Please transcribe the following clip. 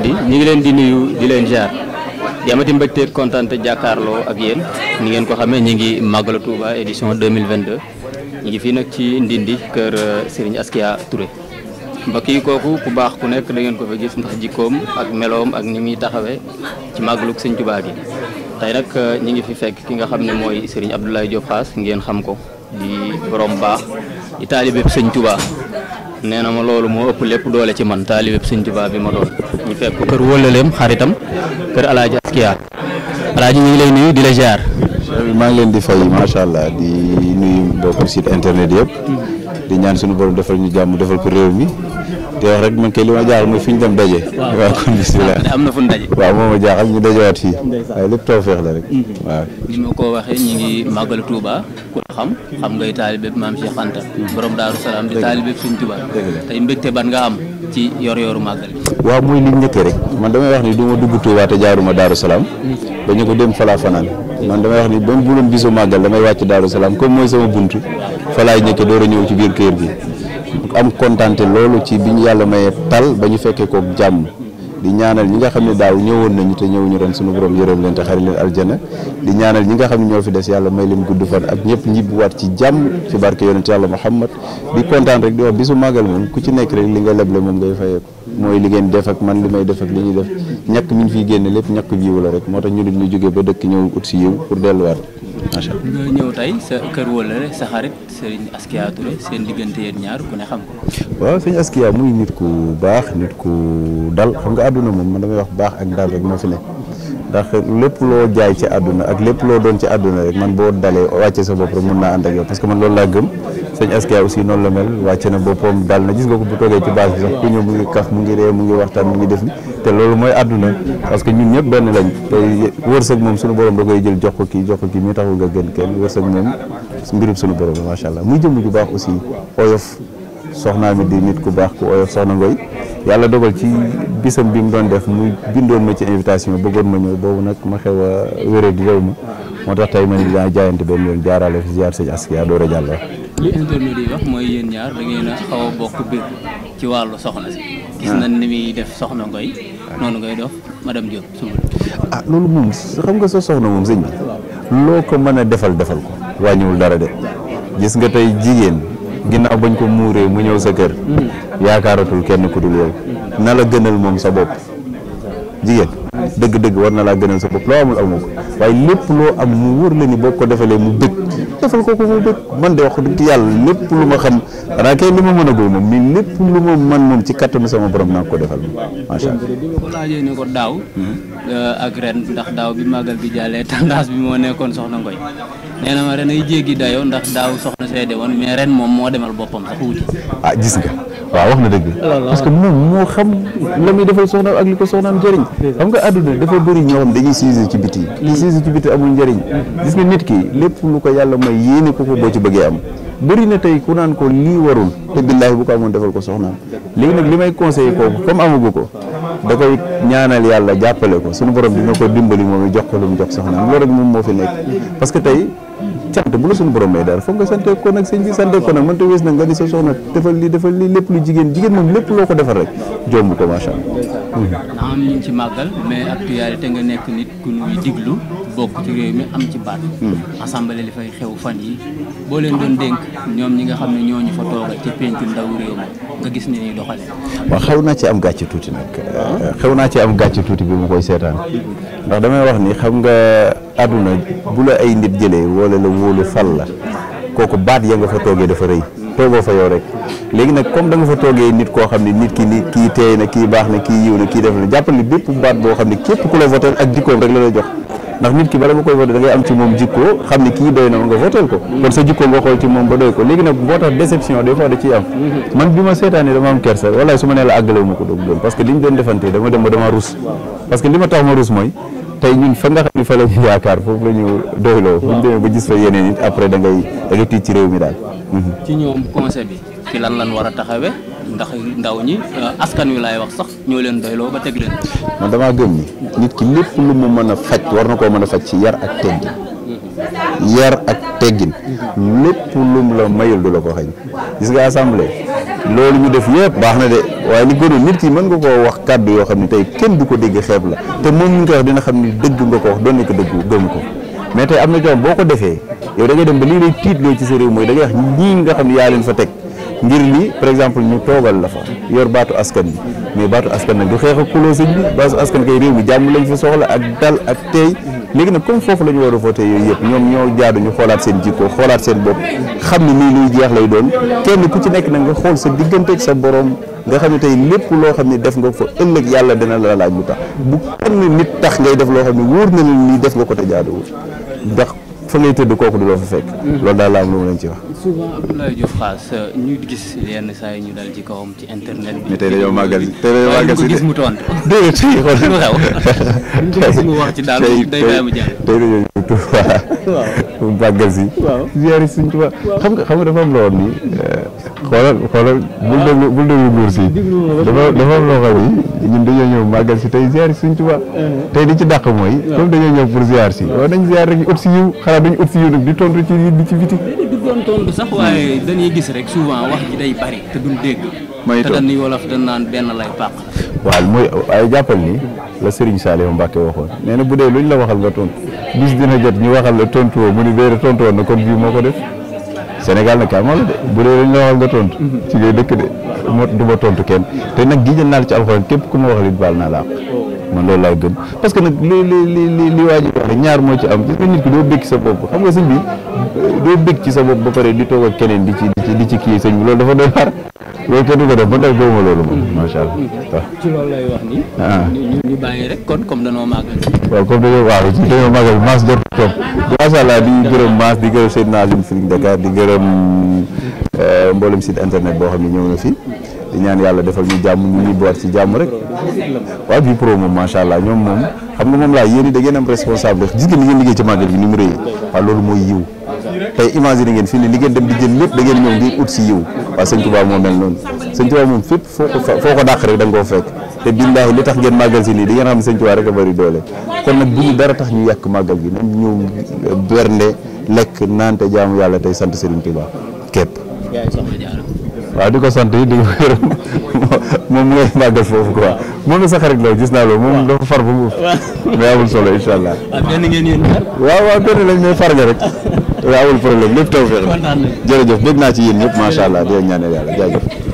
di ñu ngi leen di nuyu di leen jaar di amati mbégte kontaan te jàkkaarloo ak yéen ni ngeen ko xamee ñu ngi màggalu Touba édition 2022 ñu ngi fii nag ci Ndindi kër euh, Serigne Askia Touré mbokk yi kooku ku baax ku nekk da ngeen ko fa gis ndax jikkoom ak meloom ak ni muy taxawee ci màggaluk sëñ Touba gi tey nag euh, ñu ngi fi fekk ki nga xam ne mooy Serigne Abdoulaye Diop Xaas ngeen xam ko di borom baax di taalibe Serigne Touba nee na ma loolu moo ëpp lépp doole ci man taalibe Sëñ Tuubaa bi ma doon ñu fekk kër wëllaleem xaritam kër alaaji Askiya alaaji ñu ngi lay nuyu di la ziar maa ngi leen di fay macha allah di nuyu mbokk site internet yëpp mm-hmm. di ñaan suñu borom defal ñu jàmm defal ko réew mi di wax rek man kay li ma jaaxal mooy fi ñu dem daje. waaw kon bisimilah am na fu ñu daje. waaw moom ma jaaxal ñu dajewaat fii. waaye lépp tawféex la rek. Mm-hmm. waaw ni ma ko waxee ñu ngi màggal Touba ku la xam xam ngay taalibe maam Cheikh Anta. Mm-hmm. borom Daaru Salaam di taalibe Sëriñ Touba. nga am ci yor yooru màggal bi. waaw mooy li ñu rek man damay wax ni du ma dugg Touba te jaaruma Daaru Salaam. ba mm-hmm. ñu ko dem falaa fanaan man damay wax ni même bu doon bisu màggal damay wàcc Daaru Salaam comme mooy sama bunt fa laay ñëkke door ñëw ci biir kër gi am kontante loolu ci bi yàlla mayee tal ba ñu fekkee kook jàmm di ñaanal ñi nga xam ne daaw ñëwoon nañu te ñëwuñu ren suñu borom yërëm leen te xari leen aljana di ñaanal ñi nga xam ne ñoo fi des yàlla may leen gudd fan ak ñëpp ñibbiwaat ci jàmm ci barke yonent yàlla Muhammad di kontaan rek di wax su màggal moom ku ci nekk rek li nga leble moom ngay fayee ko mooy li ngeen def ak man li may def ak li ñuy def ñàkk mi ñu fiy génne lépp ñàkk yiw la rek moo tax ñu nit ñu jógee ba dëkk ñëw ut si yiw pour delluwaat macha allah nga ñëw tey sa kër wóllare sa xarit Serigne Askia Touré seen diggante yéen ñaar ku waaw sëñ Askia muy nit ku baax nit ku dal xam nga àdduna moom man damay wax baax ak dal rek moo fi ne ndax lépp loo jaay ci àdduna ak lépp loo doon ci àdduna rek man boo dalee wàcce sa bopp rek mun naa ànd ak yow parce que man loolu laa gëm sëñ Askia aussi noonu la mel wàcce na boppam dal na gis nga ko bu toogee ci base bi sax ku ñëw mu ngi kaf mu ngi ree mu ngi waxtaan mu ngi def ni te loolu mooy àdduna parce que ñun ñëpp benn lañ te wërsëg moom suñu borom da koy jël jox ko kii jox ko kii mi gën kenn wërsëg moom mbirum suñu borom la macha allah muy jëm ju baax aussi oyof soxnaa mi di nit ku baax ku oyof soxna Ngoy yàlla dogal ci bisam bi mu doon def muy bindoon ma ci invitation bëggoon ma ñëw boobu nag ma xew a wéré di moo tax tey ma ni daa jaayante benn yoon jaarale fi ziar sëñ door a jàll li internet yi wax mooy yéen ñaar da ngeen a xaw a bokk biir ci wàllu soxna si gis nañ ni muy def soxna Ngoy noonu ngay dof madame Diop suba ah loolu moom xam nga sa soxna moom sëñ bi loo ko mën a defal defal ko wàññiwul dara de gis nga tey jigéen ginnaaw bañ ko muuree mu ñëw sa kër yaakaaratul kenn ku dul yow na la gënal moom sa bopp jigéen dëgg-dëgg war na laa gënal sa bopp loo amul amoo ko waaye lépp loo am mu wóor la ni boo ko defalee mu bëgg defal ko ko mu bëgg man de wax dëgg yàlla lépp lu ma xam xanaa kay li ma mën a gul moom mais lépp lu ma man moom ci kattanu sama borom naa ko defal macha allah. bi ma ko laajee ne ko daaw. Hmm. ak ren bi màggal bi bi moo nekkoon soxna Ngoy nee ma ren ay jéggi dayoo ndax daaw soxna. ko seede woon mais ren moom moo demal boppam sax ah gis nga waaw wax na dëgg parce que moom moo xam la muy defal soxnaam ak li ko soxnaam jëriñ xam nga àdduna dafa bëri ñoom dañuy siise ci biti li siise ci biti amul njëriñ gis nga nit ki lépp lu ko yàlla may yéene ko ko boo ci bëggee am bëri na tey ku naan ko lii warul te billaahi bu ko amoon defal ko soxnaam léegi nag li may conseillé kooku comme amagu ko da koy ñaanal yàlla jàppale ko sunu borom dina ko dimbali moom jox ko lu mu jox soxnaam loolu rek moom moo fi nekk cant bu la suñu borom may dara foog nga sante ko nag sëñ bi sante ko nag mënta wees nag nga di sa soxna defal li defal li lépp lu jigéen jigéen moom lépp loo ko defal rek jomb ko macha allah. am ci màggal mais actualité nga nekk nit am ci hmm. xew fan yi boo leen doon dénk ñoom ñi nga xam ne ñoo fa toogal ci gis ni ñuy doxalee. waaw xew naa ci am gàcce tuuti nag. Ah. xew naa ci am gàcc tuuti bi mu koy seetaan ndax damay wax ni xam nga. àdduna bu la ay nit jëlee wala la wóolu fal la kooku baat ya nga fa toogee dafa rëy toogoo fa yow rek léegi nag comme da fa toogee nit koo xam ne nit ki nit ni bépp baat boo xam ne képp ki bala nga koy voté da ngay am ci moom jikkoo xam ne kii doy na nga voté ko kon sa jikkoo nga xool ci moom ba doy ko léegi nag boo tax déception des fois da ciy am man bi ma seetaanee dama am kersa walaay su ma nee la àggale ma ko doog doon parce que li ñu dem ba dama tey ñun fa nga xam ne fa la yaakaar foofu la ñu doyloo. bu ba gis fa yeneen it après da ngay da ci réew mi daal. ci mhm. ñoom conseil bi ci lan lan war a taxawee ndax ndaw ñi euh, askan wi laay wax sax ñoo leen doyloo ba teg leen. man damaa gëm ni nit ki lépp lu mu mën a faj war na koo mën a faj ci yar ak teggin. yar ak teggin lépp lum la mayul du la ko xañ gis nga assemblée loolu ñu def yëpp baax na de waaye li gënul nit ki mën nga koo wax kàddu yoo xam ne tey kenn du ko dégg xeeb la te moom ñu ko wax dina xam ni dëgg nga ko wax doon nekk dëgg gëm ko mais tey am na coom boo ko defee yow da ngay dem ba lii lay tiitloo ci sa réew mooy da wax ñii nga xam ne yaa leen fa teg ngir lii par exemple ñu toogal la fa yor baatu askan bi mais baatu askan nag du xeex ak xuloo sëñ bi baatu askan kay réew mi jàmm lañ fi soxla ak dal ak teey léegi nag comme foofu la ñu war a voté yooyu yëpp ñoom ñoo jaadu ñu xoolaat seen jikko xoolaat seen bopp xam ne nii luy jeex lay doon kenn ku ci nekk nag nga xool sa digganteek sa borom nga xam ne tey lépp loo xam ne def nga fa ëllëg yàlla dina la laaj lu tax bu kenn nit tax ngay def loo xam ne wóor na la def nga ko te fa ngay tëdd kooku du la fa fekk. loolu daal laa am lu ma ci wax. souvent Abdoulaye Diouf Khass ñu gis yenn saa yi ñu dal ci kawam ci internet bi. tey dañoo màggal si tey dañoo màggal si ko gis mu tontu. déedéet tey xool. wax ci daal day bàyyi mu jàll. tey tey dañoo bàggal si. waaw ziyaari suñ tubaab xam nga xam nga dafa am loo xam ni eh, xoolal xoolal. bul déglu bul déglu nguur si. dafa dafa am loo xam ni ñun dañoo ñëw màggal si tey ziyaari suñ tubaab. Eh. tey di ci dàq mooy. comme dañoo ñëw pour ziyaar si. waaw nañ ziyaar rek ñu ut si yiw xanaa duñ ut si yiw nag di tontu ci di ci biti. du doon tontu sax waaye dañuy gis rek souvent wax ji day bari te duñ dégg. may te dañuy wolof dañ naan benn lay pàq. waaw mooy ay jàppal ni la Serigne Saliou Mbacke waxoon nee na bu dee luñ la waxal nga tontu bis dina jot ñu waxal la tontu woo mu ni béere tontu woon na kon bii moo ko def Sénégal nag kaama la de bu dee dañ la waxal nga tontu mhm. ci ngay dëkk de moo du ma tontu kenn te nag giñal naa la ci alxuraan képp ku ma waxal it baal naa la man loolu laa gëm parce que nag li li li li li wax ñaar moo ci am gis nit ki doo békki sa bopp xam nga sa bi doo bëgg ci sa bopp ba pare di toog ak keneen di ci di ci kii sëñ loolu dafa doy waar loolu kenn ko def ba da góob loolu moom. macha allah waaw ci loolu ah. kon comme dañoo màggal. waaw comme dañoo waaw dañoo màggal maas jot toog macha allah di gërëm maas di gërëm Seydina Azim di gërëm euh, mboolem site internet boo xam ne ñëw na fi. di ñaan yàlla defal ñu jàmm ñu ñuy boot ci jàmm rek waaw bi pro moom macha allah ñoom moom xam nga moom laa yéen da ngeen am responsable gis nga ni liggéey ci màggal gi ni mu rëy waaw loolu mooy yiw tey imaginer ngeen fii ne li ngeen dem di jël lépp da ngeen ñëw di ut si yiw waaw sëñ Tuubaa moo mel noonu sëñ Tuubaa moom fépp da koo fekk te billaahi li tax ngeen màggal si lii di ngeen xam ne sëñ Tuubaa rek a bëri doole kon nag bu ñu dara tax ñu yàq màggal gi nañ ñëw euh, bernde lekk naan te jaamu di ko sant yi di ko gërëm moom ngay màggal foofu quoi moom la sa xarit la gis naa loolu moom dafa far ba mu mais amul solo incha allah waaw waaw benn lañ may far nga rek waaw amul problème lépp taw feex la jërëjëf bëgg naa ci yéen ñëpp macha allah di ñaanal yàlla jaajëf